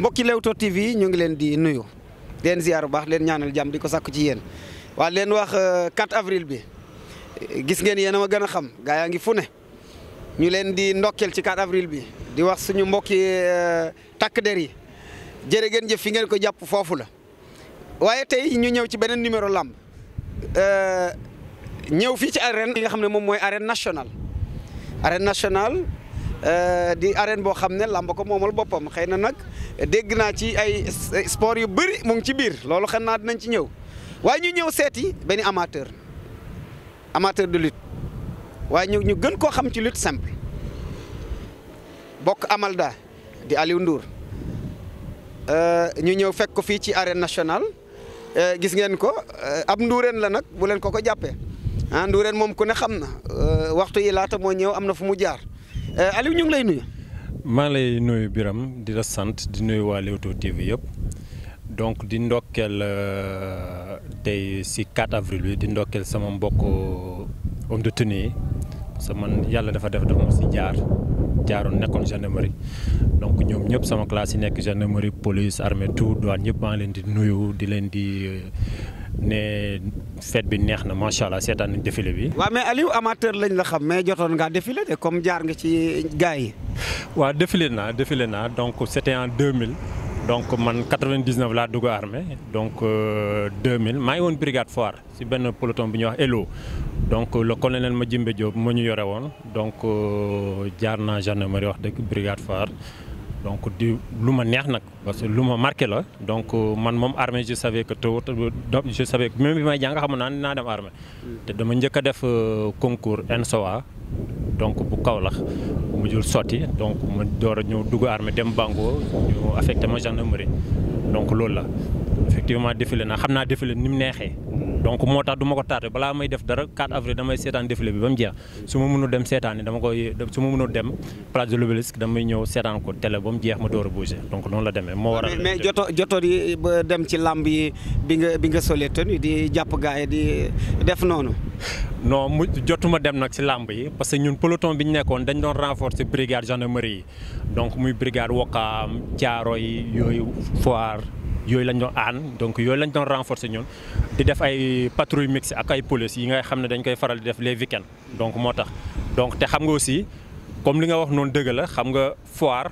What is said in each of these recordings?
mbokki Leewtoo TV ñu ngi leen di nuyu leen ziar bu baax leen ñaanal jàmm di ko sàkku ci yeen waa leen wax 4 euh, avril bi gis ngeen yéen a ma gën a xam gaa yaa ngi fu ne ñu leen di ndokkeel ci 4 avril bi di wax suñu mbokki euh, takk der yi jërë ngeen jëf fi ngeen ko jàpp foofu la waaye tey ñu ñëw ci beneen numéro làmb euh, ñëw fii ci arène yi nga xam ne moom mooy arène nationale arène nationale Euh, di arène boo xam ne làmb ko moomal boppam xëy na nag dégg naa ci ay sport yu bëri mu ci biir loolu xam naa dinañ ci ñëw waaye ñu ñëw seeti benn amateur amateur de lutte waaye ñu ñu gën koo xam ci lutte simple bokk Amalda di Aliou Ndour euh, ñu ñëw fekk ko fii ci arène nationale euh, gis ngeen ko ab nduureen la nag bu leen ko ko jàppee ah nduureen moom ku ne xam na waxtu yi laata moo ñëw am na fu mu jaar. Euh, Aliou ñu ngi lay nuyu. maa ngi lay nuyu biram di la sant di nuyu waa Leewtoo TV yëpp donc di ndokkeel euh, tey si 4 avril bi di ndokkeel sama mbokk homme de tenue yi man yàlla dafa def dafa ma si jaar jaaroon nekkoon gendarmerie donc ñoom ñëpp sama classe yi nekk gendarmerie police armée tout douane ñëpp maa ngi leen di nuyu di leen di. Euh, ne fête bi neex na macha allah seetaan nañ défilé bi. waa mais Aliou amateur lañ la xam mais jotoon ngaa défilé de comme jaar nga ci gars yi. waaw défilé naa défilé naa donc c'était en 2000. donc man 99 laa dugg armée donc euh, 2000 maa ngi woon brigade foire ci benn peloton bi ñuy wax ELO donc le colonel Madjimbe Diop moo ñu yore woon donc euh, jaar naa gendarmerie wax dëgg brigade foire. donc di lu ma neex nag parce que lu ma marqué la donc euh, man moom armée je savais que tôt je savais que même bi may jàng xamoon naan ne naa dem armée te dama njëkk a def euh, concours ENSOA donc bu Kaolack mu jël sotti donc ma door a ñëw dugg armée dem Bango ñu affecté ma gendarmerie donc loolu la. effectivement défilé na xam naa défilé ni mu neexee hmm. donc moo tax duma ko taate balaa may def dara 4 avril damay seetaan défilé bi ba mu jeex su ma mënul dem seetaani dama koy su ma mënul dem place de l'Obélisque damay ñëw seetaan ko télé ba mu jeex ma door a bougé donc noonu la demee moo waral mais joto ba dem ci làmb yi bi nga bi nga solee tenue di jàpp gaa yi di def noonu non mu jotuma dem nag ci làmb yi parce que ñun peloton bi ñu nekkoon dañ doon renforcer brigade gendarmerie yi donc muy brigade Wokam Thiaroye yooyu Foire yooyu lañ doon aan donc yooyu lañ doon renforcer ñun di def ay patrouille mixte ak ay police yi ngay xam ne dañ koy faral di def les week donc moo tax donc te xam nga aussi comme li nga wax noonu dëgg la xam nga foire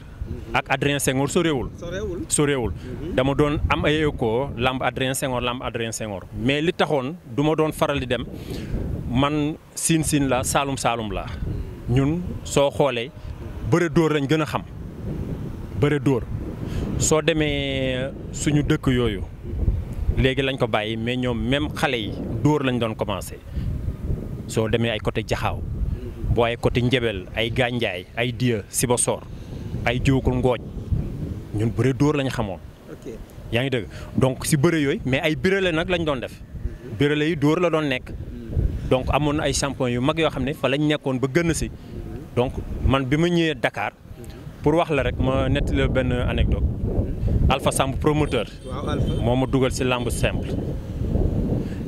ak Adrien Senghor soreewul soreewul mhm. dama doon am ay écho lamb Adrien Senghor lamb Adrien Senghor mais li taxoon duma doon faral di dem man siin siin la saalum saalum la ñun soo xoolee bëre dóor lañ gën a xam bëre dóor soo demee suñu dëkk yooyu léegi lañ ko bàyyi mais ñoom même xale yi dóor lañ doon commencé soo demee ay côté jaxaaw boo ay côté njebel ay gànjaay ay diya Sibassor ay jiwkul ngooj ñun bëre dóor lañ xamoon yaa ngi dëgg donc si bëre yooyu mais ay birale nag lañ doon def mhm. birale yi dóor la doon nekk mhm. donc amoon na ay champion yu mag yoo xam ne fa lañ nekkoon ba gën si mhm. donc man bi ma ñëwee dakaar pour wax la rek ma netti la benn anecdote mhm. Alpha Samb promoteur moo ma dugal si lamb simple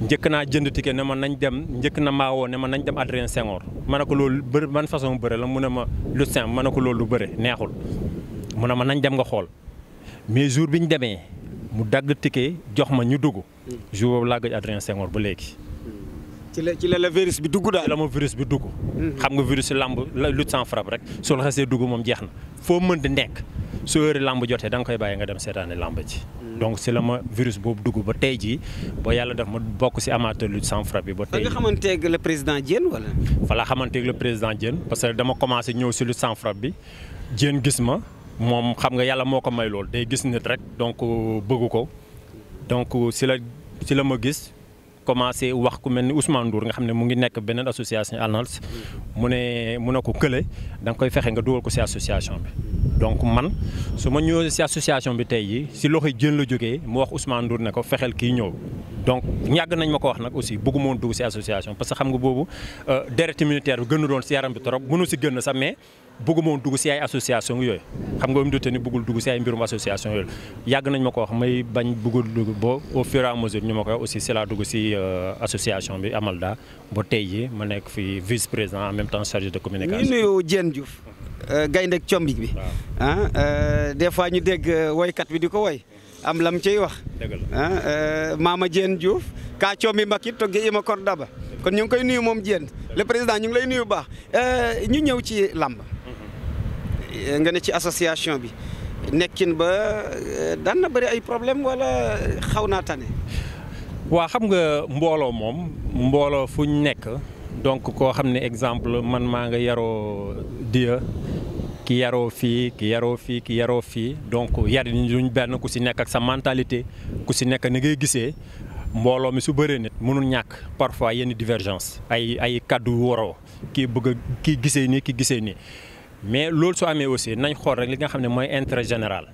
njëkk naa jënd ticket ne ma nañ dem njëkk na maa woo ne ma nañ dem Adrien Senghor ma ne ko loolu bëri man façon bëre la mu ne ma lu simple ma ne ko loolu lu bëre neexul mu ne ma nañ dem nga xool mais jour bi ñu demee mu dagg ticket jox ma ñu dugg mm. jour boobu laa gëj Adrien Senghor ba léegi ci la ci la la virus bi dugg daal. la ma virus bi dugg. Mm-hmm. xam nga virus lamb lutte sans frappe rek su la xasee dugg moom jeex na foo mën di nekk su heure lamb jotee danga koy bàyyi nga dem seetaani lamb ji. Mm-hmm. donc si la ma virus boobu dugg ba tey jii ba yàlla def ma bokk si amateur lutte sans frappe bi ba tey. nga xamanteeg le président Diène wala. voilà xamanteeg le président Diène parce que dama commencé ñëw si lutte sans bi Diène gis ma moom xam nga yàlla moo ko may lool day gis nit rek donc euh, bëggu ko donc euh, si la si la ma gis. commencé wax ku mel ni Ousmane Ndour nga xam ne mu ngi nekk benn association ANALS mu ne mu ne ko kële danga koy fexe nga dugal ko si association bi. donc man su ma ñëwee si association bi tey jii si loxo jën la jógee mu wax Ousmane Ndour ne ko fexel kii ñëw donc ñàgg nañ ma ko wax nag aussi bëgguma woon dugg si association parce que xam nga boobu euh, deret militaire bi gënu doon si yaram bi trop mënu si gën sa mais. bëgguma woon dugg si ay association yooyu xam nga mu dute ni bëggul dugg si ay mbirum association yooyu yàgg nañ ma ko wax may bañ bëggul dugg ba au fur et à mesure ñu ma koy aussi si laa dugg si euh, association bi Amalda ba tey jii ma nekk fi vice président même temps chargé de communication. ñu nuyu Diène Diouf euh, gayndeg combik bi ah euh, des fois ñu dégg woykat bi di ko woy am lam ciy wax ah Mama Diène Diouf kaa combi mbakit togge ma kor daba kon ñu ngi koy nuyu moom Diène le président ñu ngi lay nuyu baax ñu ñëw ci làmb nga ne ci association bi nekkin ba euh, daan na bëri ay problème wala xaw naa tane. waa xam nga mbooloo moom mbooloo fu ñu nekk donc koo xam ne exemple man maa nga yaroo Diya ki yaroo fii ki yaroo fii ki yaroo fii donc yar ñu benn ku si nekk ak sa mentalité ku si nekk ni ngay gisee. mbooloo mi su bëree nit mënul ñàkk parfois yenn divergence ay ay kàddu waroo kii bëgg kii gisee nii ki gisee nii mais loolu soo amee aussi nañ xool rek li nga xam ne mooy intérêt général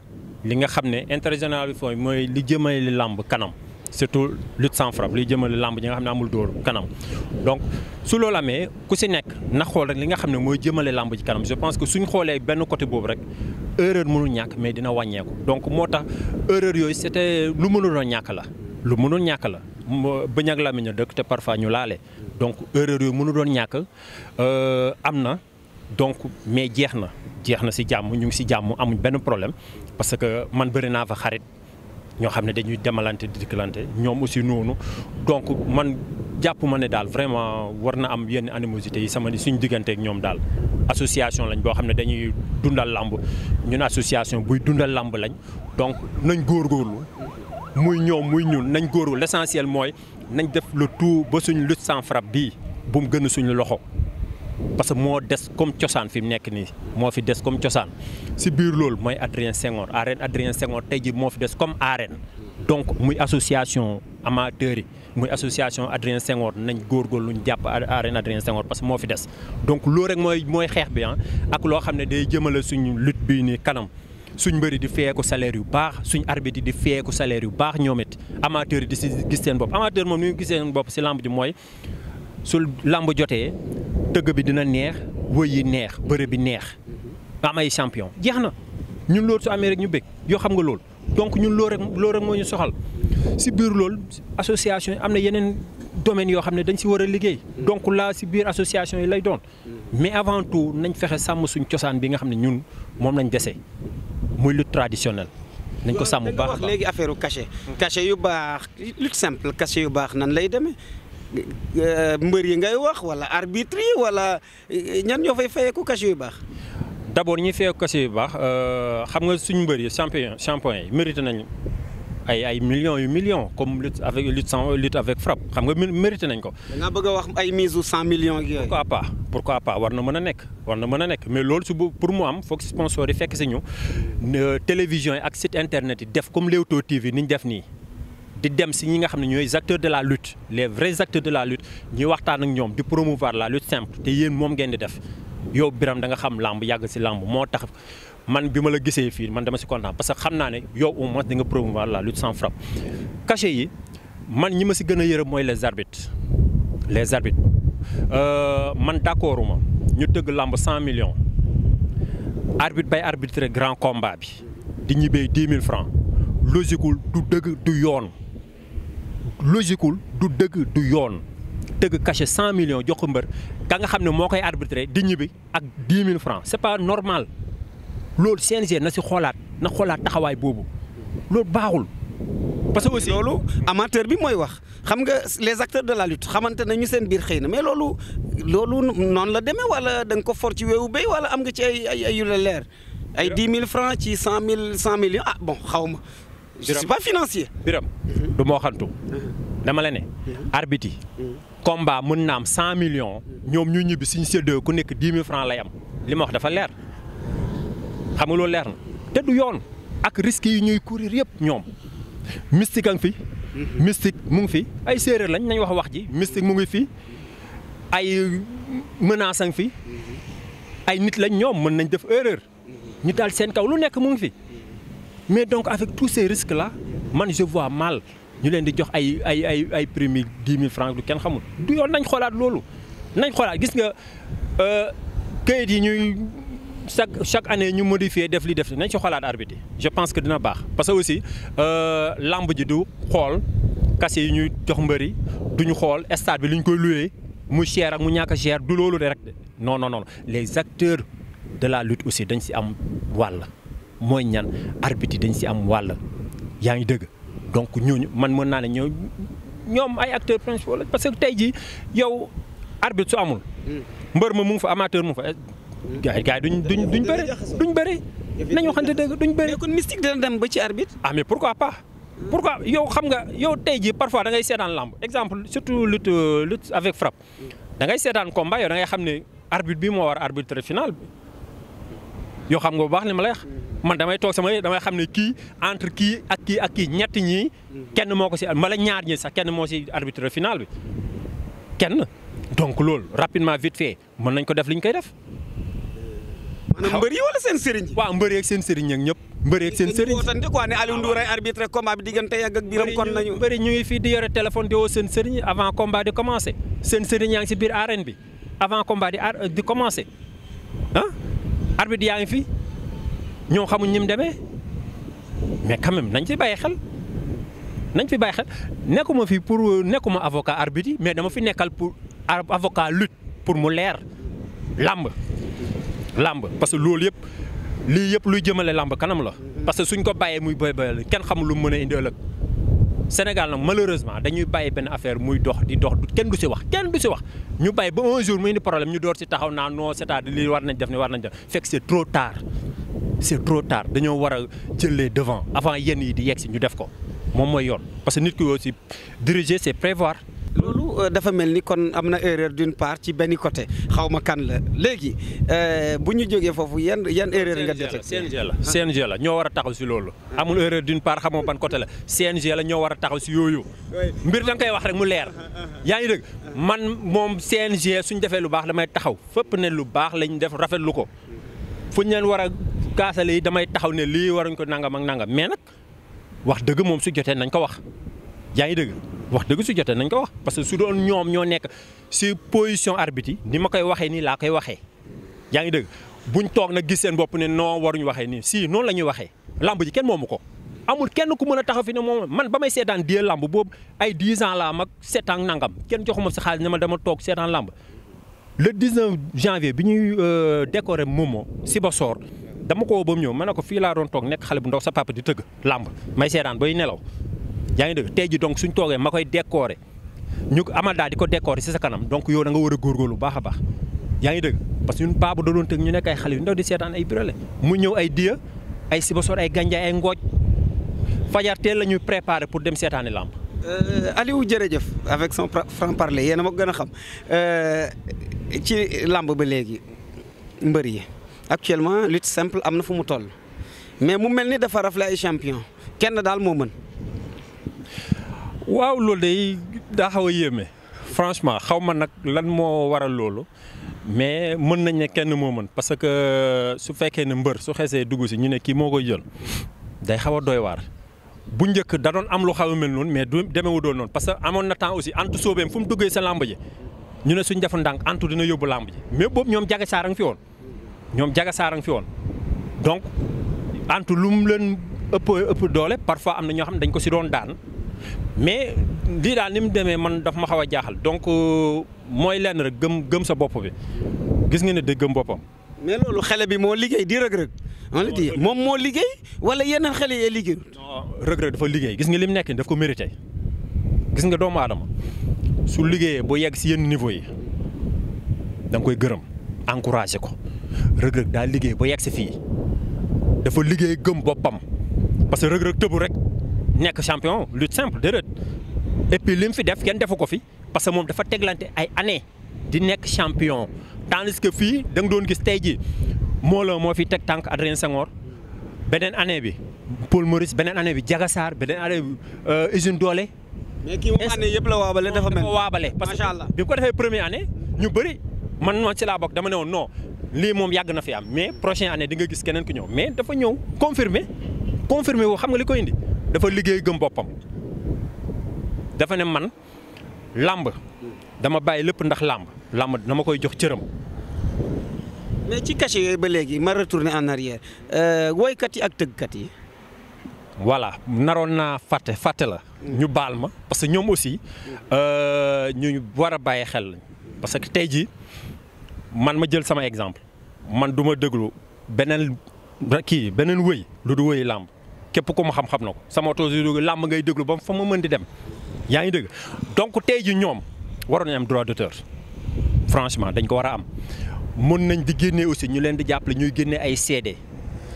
li nga xam ne intérêt général bi foofu mooy li jëmale làmb kanam surtout lutte sans frappe li jëmale làmb ñi nga xam ne amul dóor kanam donc su loolu amee ku si nekk na xool rek li nga xam ne mooy jëmale làmb ji kanam je pense que suñ xoolee benn côté boobu rek erreur mënul ñàkk mais dina wàññeeku donc moo tax erreur yooyu c'était lu mënul a ñàkk la lu mënul ñàkk la bëñ ak làmmiñ a dëkk te parfois ñu laale donc erreur yooyu mënu doon ñàkk euh, am na donc mais jeex na jeex na si jàmm ñu ngi si jàmm amuñ benn problème parce que man bari naa fa xarit ñoo xam ne dañuy demalante di ñoom aussi noonu donc man jàpp ma ne daal vraiment war na am yenn animosité yi sama ni suñu diggante ñoom daal association lañ boo xam ne dañuy dundal làmb ñun association buy dundal làmb lañ donc nañ góor góorlu muy ñoom muy ñun nañ góor l'essentiel mooy nañ def lu tout ba suñ lut san frappe bi bu mu gën a suñu loxo parce que moo des comme cosaan fi mu nekk nii moo fi des comme cosaan si biir loolu mooy Adrien Senghor arène Adrien Senghor tey ji moo fi des comme arène donc muy association amateurs yi muy association Adrien Senghor nañ lu ñu jàpp arène Adrien Senghor parce que moo fi des donc loolu rek mooy mooy xeex bi ah ak loo xam ne day jëmale suñu lutte bii nii kanam suñu mbëri di feyeeku salaire yu baax suñ arbitre di feyeeku salaire yu baax ñoom it amateur yi di si gis seen bopp amateur moom ni mu bopp si lamb ji lamb jotee tëgg bi dina neex wëy yi neex bëre bi neex am ay champion jeex na ñun lool su amee rek ñu bëgg yoo xam nga loolu donc ñun loolu rek loolu rek moo ñu soxal si biir loolu association am na yeneen domaines yoo xam ne dañ si war a liggéey donc laa si biir association yi lay doon mais avant tout nañ fexe sàmm suñ cosaan bi nga xam ne ñun moom lañ dese muy lutte traditionnelle nañ ko sàmm bu baax léegi affaire cachet cachet yu baax lutte simple cachet yu baax nan lay demee mbër yi ngay wax wala arbitre yi wala eh, ñan ñoo fay ko cachet yu baax. d' abord ñi fayeeku cachet yu baax euh, xam nga suñu mbër yi champion champion yi mérité nañ ay ay millions yu million comme lutte avec lutte sans lutte avec frappe xam nga mérité nañ ko. da nga bëgg wax ay mise cent millions ak yooyu. pourquoi pas war na mën a nekk war na mën a nekk mais loolu si su pour mu am foog sponsor yi fekk si ñu télévision yi ak site internet yi def comme Leewtoo TV ni ñu def nii. di dem si ñi nga xam ne ñooy acteurs de la lutte les vrais acteurs de la lutte ñuy waxtaan ak ñoom di promouvoir la lutte simple te yéen moom ngeen di def yow Birame da nga xam lamb yàgg si lamb moo tax man bi ma la gisee fii man dama si kontaan parce que xam naa ne yow au moins di nga promouvoir la lutte sans frappe. cachet yi man ñi ma si gën a yërëm mooy les arbitres les arbitres euh, man d' accord uma ñu dëgg lamb cent millions arbitre bay arbitrer grand combat bi di ñibbee dix mille francs logique du dëgg du yoon. logiqueul du dëgg du yoon tëgg caché cent millions jox ko mbër ka nga xam ne moo koy arbitré di ñibbi ak dix mille francs c'est pas normal loolu CNG na si xoolaat na xoolaat taxawaay boobu loolu baaxul. parce que aussi loolu amateur bi mooy wax xam nga les acteurs de la lutte xamante nañu seen biir xëy na mais loolu loolu noonu la demee wala da ko for ci weewu bay wala am nga ci ay ay yu la leer ay dix mille francs ci cent mille cent millions ah bon xaw je financier. Biram du moo xantu dama la ne. arbitre yi. combat mën na am cent millions. ñoom ñu ñibbi suñu séddoo ku nekk dix mille francs lay am li ma wax dafa leer xam nga loolu leer na te du yoon ak risques yi ñuy courir yëpp ñoom mystique a fi. mystique mu ngi fi ay séeréer lañ nañ wax wax ji mystique mu ngi fi ay menaces a ngi fi ay nit lañ ñoom mën nañ def erreur ñu daal seen kaw lu nekk mu ngi fi. mais donc avec tous ces risques la man je vois mal ñu leen di jox ay ay ay ay prime yi dix mille francs du kenn xamul du yoon nañ xoolaat loolu nañ xoolaat gis nga euh, kayit yi ñuy chaque chaque année ñu modifier def li def nañ ci xoolaat arbitre je pense que dina baax parce que aussi euh, lamb ji du xool kase yi ñuy jox mbëri duñu xool stade bi lu ñu koy luye mu cher ak mu ñàkk a du loolu de rek de no non non les acteurs de la lutte aussi dañ si am wàll. mooy ñan arbitre dañ si am wàll yaa ngi dëgg donc ñooñu man mën naa ne ñoo ñoom ay acteurs principaux parce que tey jii yow arbitre su amul. mbër ma mu fa amateur mu ngi fa. gaay eh, gaay duñ duñ duñ bëri duñ bëri nañu waxante dëgg duñ bëri. mais kon mystique dana dem ba ci arbitre. ah mais pourquoi pas. pourquoi yow xam nga yow tey jii parfois da ngay seetaan lamb exemple surtout lutte lutte avec frappe da seetaan combat yow da ngay xam ne arbitre bi moo war arbitre final yoo xam nga bu ma man damay toog sama damay xam ne kii entre kii ak kii ak kii ñett ñii kenn moo ko si mbala ñaar ñi sax kenn moo si arbitre final bi kenn donc loolu rapidement vite fait mën nañ ko def li ñu koy def. maanaam mbër yi wala seen sëriñ. waaw mbër yeeg seen sëriñ ak ñëpp. mbër yeeg seen sëriñ dañu quoi ne Aliou Ndour ay arbitre combat bi diggante yàgg ak biiram kon nañu. bëri ñu ngi fii di yore téléphone di woo seen sëriñ avant combat di commencé seen sëriñ yaa ngi si biir arène bi avant combat di di commencé ah arbitre yaa ngi fi. ñoo xamuñ ni mu demee mais quand même nañ ci bàyyi xel nañ fi bàyyi xel nekkuma fi pour nekkuma avocat arbitre yi mais dama fi nekkal pour avocat lutte pour mu leer làmb làmb parce que loolu yëpp lii yëpp luy jëmale làmb kanam la parce que suñ ko bàyyee muy bay kenn xamul lu mu mën a indi ëllëg Sénégal nag malheureusement dañuy bàyyi benn affaire muy dox di dox kenn du si wax kenn du si wax ñu bàyyi ba un mu indi problème ñu door si taxaw naa non cest à war nañ def ni war nañ def fekk c'est trop tard c'est trop tard dañoo war a jël les devants avant yenn yi di yegg si ñu def ko moom mooy yoon parce que nit ki aussi diriger c'est prévoir. loolu euh, dafa mel ni kon am na erreur d'une part ci benn côté xaw ma kan la léegi euh, bu ñu jógee foofu yan yan erreur nga détecté CNG la CNG la ñoo war a taxaw si loolu amul erreur d'une part xamoo ban côté la CNG la ñoo war a taxaw si yooyu mbir da nga koy wax rek mu leer yaa ngi dégg man moom CNG suñ defee lu baax damay taxaw fépp ne lu baax lañ def rafetlu ko kaasale yi damay taxaw ne lii waruñ ko nangam ak nangam mais nag wax dëgg moom si jotee nañ ko wax yaa ngi dëgg wax dëgg si jotee nañ ko wax parce que su doon ñoom ñoo nekk si position arbitre yi ni ma koy waxee nii laa koy waxee yaa ngi dëgg buñ toog nag gis seen bopp ne noo waruñu waxee nii si noonu la ñuy waxee làmb ji kenn moomu ko amul kenn ku mën a taxaw fi ne moom man ba may seetaan die lamb boobu ay 10 ans laa mag 7 nangam kenn joxuma si xaalis ne ma dama toog seetaan lamb le 19 janvier bi ñuy euh, décorer Momo Sibassor dama ko woo ba mu ñëw ma ne ko fii laa doon toog nekk xale bu ndaw sa papa di tëgg làmb may seetaan bay nelaw yaa ngi dëgg tey ji donc suñ toogee ma koy décorer ñu ko amal daal di ko décorer si sa kanam donc yow da nga war a góorgóorlu baax a baax yaa ngi dëgg parce que ñun baabu da doon tëgg ñu nekk ay xale yu ndaw di seetaan ay birole mu ñëw ay diya ay sibasor ay gànjaay ay ngooj fajar teel la ñuy préparer pour dem seetaani làmb euh, Aliou jërëjëf avec son franc yéen a ma gën a xam euh, ci làmb ba léegi mbër yi actuellement lutte simple am na fu mu toll mais mu mel ni dafa rafle ay champion kenn daal moo mën. waaw loolu day daa xaw a yéeme franchement xaw ma nag lan moo waral loolu mais mën nañ ne kenn moo mën parce que su fekkee ne mbër su xesee dugg si ñu ne kii moo koy jël day xaw a doy waar. bu njëkk da doon am lu xaw a mel noonu mais du demewu doon noonu parce amoon na temps aussi antu soobeem fu mu duggee sa làmb ji ñu ne suñ defoon ndànk antu dina yóbbu làmb ji mais boobu ñoom jage saara nga fi woon. ñoom jaga saarang fi woon donc antu lu mu leen ëpp ëpp doole parfois am na ñoo xam ne dañ ko si doon daan mais lii daal ni mu demee man daf ma xaw a jaaxal donc euh, mooy lenn rek gëm gëm sa bopp bi gis nga ne day gëm boppam. mais loolu xale bi moo liggéey di rëg moom moo liggéey wala yeneen xele yee liggéey. rëg dafa liggéey gis nga li mu nekk daf ko mérité gis nga doomu aadama su liggéeyee ba yegg si yenn niveau yi da koy gërëm encouragé ko. Reug Reug daa liggéey ba yegg si fii dafa liggéey gëm boppam parce que Reug Reug tëbu rek nekk champion lu simple déedéet et puis li mu fi def kenn defu ko fi parce que moom dafa teglante ay année di nekk champion tandis que fii da nga doon gis tey ji Mawla moo fi teg tànk Adrien Senghor beneen année bi Paul Maurice beneen ane bi Diaga Sarr beneen année bi euh, usine doole. mais kii moom année yëpp la waabale dafa mel. macha allah parce que bi ko defee première année ñu bëri man noonu ci laa bokk dama ne woon non. lii moom yàgg na fi am mais prochaine année di nga gis keneen ku ñëw mais dafa ñëw confirmer confirmer woo xam nga li ko indi dafa liggéey gëm boppam dafa ne man làmb dama bàyyi lépp ndax làmb làmb dama koy jox cëram. mais ci cachet ba léegi ma retourner en arrière euh, woykat yi ak tëggkat yi. voilà naroon naa fàtte fàtte la. ñu baal ma parce que ñoom aussi euh, ñu war a bàyyi xel lañ parce que tey jii man ma jël sama exemple man duma ma déglu beneen kii beneen wëy lu du wëy làmb képp ku mu xam-xam na ko sama toujours làmb ngay déglu ba fa ma mën di dem yaa ngi dégg donc tey ji ñoom waroon nañ am droit docteur franchement dañ ko war a am mën nañ di génnee aussi ñu leen di jàppale ñuy génne ay CD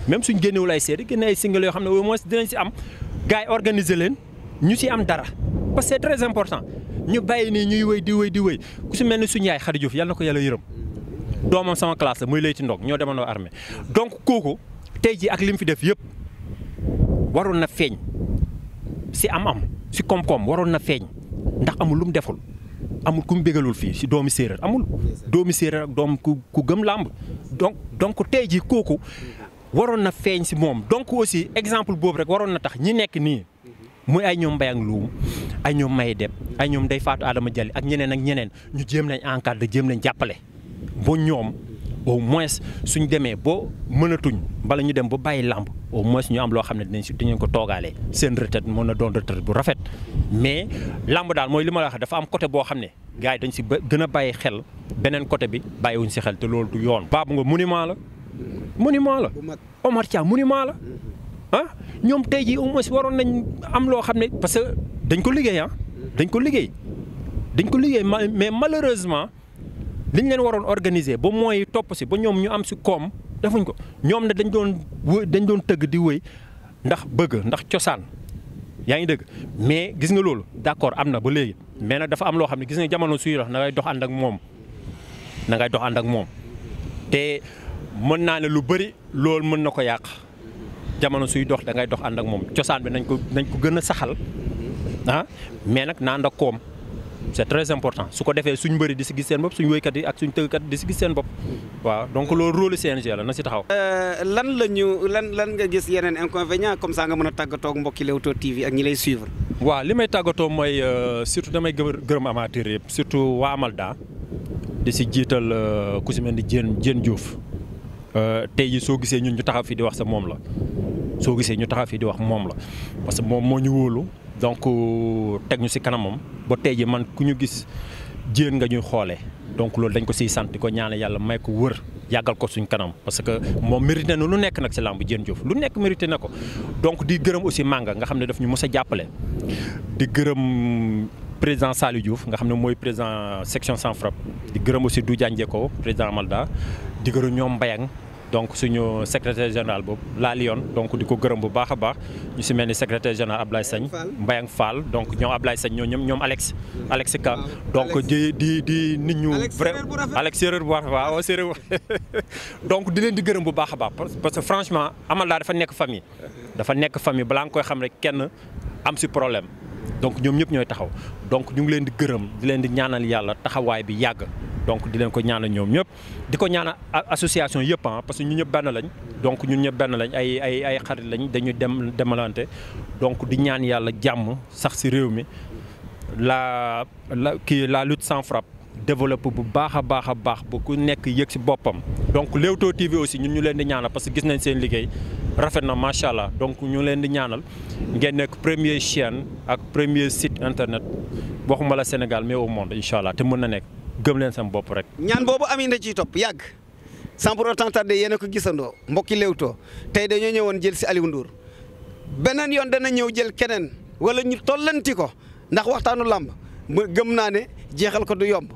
même suñ génnewul ay CD génne ay single yoo xam ne au moins dinañ si am gars yi organiser leen ñu si am dara parce que c'est important ñu bàyyi nii ñuy wëy di wëy di wëy ku si mel ni suñu yaay Xadi Juuf yàlla na ko yàlla yërëm doomam sama classe la muy layti ndog ñoo demandoo armée donc kooku tey jii ak li mu fi def yëpp waroon na feeñ si am-am si koom-koom waroon na feeñ ndax amul lu mu deful amul ku bégalul fii si doomi séeréer amul. doomi séeréer ak doom ku ku gëm làmb donc donc tey jii kooku waroon na feeñ si moom donc aussi exemple boobu rek waroon na tax ñi nekk nii. muy ay ñoom mbay ak luum ay ñoom may dem ay ñoom day faatu Adama Jali ak ñeneen ak ñeneen ñu jéem lañ encadré jéem lañ jàppale. ba ñoom au moins suñ demee ba mënatuñ bala ñu dem ba bàyyi làmb au moins ñu am loo xam ne dinañ si dinañ ko toogaalee seen retraite mën na doon retraite bu rafet mais làmb daal mooy li ma la wax dafa am côté boo xam ne gars yi dañ si gën a bàyyi xel beneen côté bi bàyyiwuñ si xel te loolu du yoon. Babou nga monument la monument la Omar Dia monument la ah ñoom tey ji au moins waroon nañ am loo xam ne parce que dañ ko liggéey ah dañ ko liggéey dañ ko liggéey mais malheureusement. li ñu leen waroon organiser ba mooy topp si ba ñoom ñu am si koom defuñ ko ñoom na dañ doon dañ doon tëgg di wëy ndax bëgg ndax cosaan yaa ngi dëgg mais gis nga loolu d'accord am na ba léegi mais nag dafa am loo xam ne gis nga jamono suy dox na ngay dox ànd ak moom na dox ànd ak moom te mën naa ne lu bëri loolu mën na ko yàq jamono suy dox da ngay dox ànd ak moom cosaan bi nañ ko nañ ko gën a saxal ah mais nag naa ànd koom c'est très important su ko defee suñ mbëri di si gis seen bopp suñ woykat yi ak suñ tëggkat di si gis seen bopp waaw donc loolu rôle CNG la na si taxaw. Euh, lan la ñu lan lan nga gis yeneen inconvénients comme ça nga mën a tàggatoo ak mbokki Leewtoo TV ak ñi lay suivre. waaw li may tàggatoo mooy euh, surtout damay gë gërëm amateur yëpp surtout waa Amalda di si jiital euh, ku si mel ni Diène Diène Diouf tey jii soo gisee ñun ñu taxaw fii di wax sa moom la soo gisee ñu taxaw fii di wax moom la parce que moom moo ñu donc teg si kanamam. ba tey ji man ku ñu gis jéen nga ñuy xoolee donc loolu dañ ko siy sant ko ñaane yàlla may ko wër yàggal ko suñ kanam parce que moom mérité na lu nekk nag si làmb Diène Diouf lu nekk mérité na ko donc di gërëm aussi Manga nga xam ne daf ñu mës jàppale di gërëm président Saliou Diouf nga xam ne mooy président section sans frappe di gërëm aussi Doudou Diagne Diéko président Malda di gërëm ñoom Mbayang donc suñu secrétaire général boobu la Lyon donc di ko gërëm bu baax a baax ñu si mel ni secrétaire général Ablaye sañ Mbayang Fall donc ñoom Ablaye Sagne ñoo ñoom ñoom Alex Alex Ka donc di di di nit ñu vrai bu baax a baax donc di leen di gërëm bu baax a baax parce que franchement amal laa dafa nekk famille dafa nekk famille balaa nga koy xam rek kenn am si problème donc ñoom ñëpp ñooy taxaw donc ñu ngi leen di gërëm di leen di ñaanal yàlla taxawaay bi yàgg donc di leen ko ñaanal ñoom ñëpp di ko ñaanal association yëpp ah parce que ñu ñëpp benn lañ donc ñun ñëpp benn lañ ay ay xarit lañ dañu dem demalante donc di ñaan yàlla jàmm sax si réew mi la la kii laa lut sans frappe développe bu baax a baax a baax bu ku nekk yëg si boppam donc Leewtoo TV aussi ñun ñu leen di ñaanal parce que gis nañ seen liggéey rafet na macha allah donc ñu leen di ñaanal ngeen nekk premier chaîne ak premier site internet waxuma la Sénégal mais au monde incha allah te mën na nekk. gëm leen sama bopp rek. ñaan boobu am na ciy topp yàgg sans pour autant tarder yéen a ko gisandoo mbokki Leewtoo tey dañoo ñëwoon jël si Aliou Ndour beneen yoon dana ñëw jël keneen wala ñu tollanti ko ndax waxtaanu làmb gëm naa ne jeexal ko du yomb.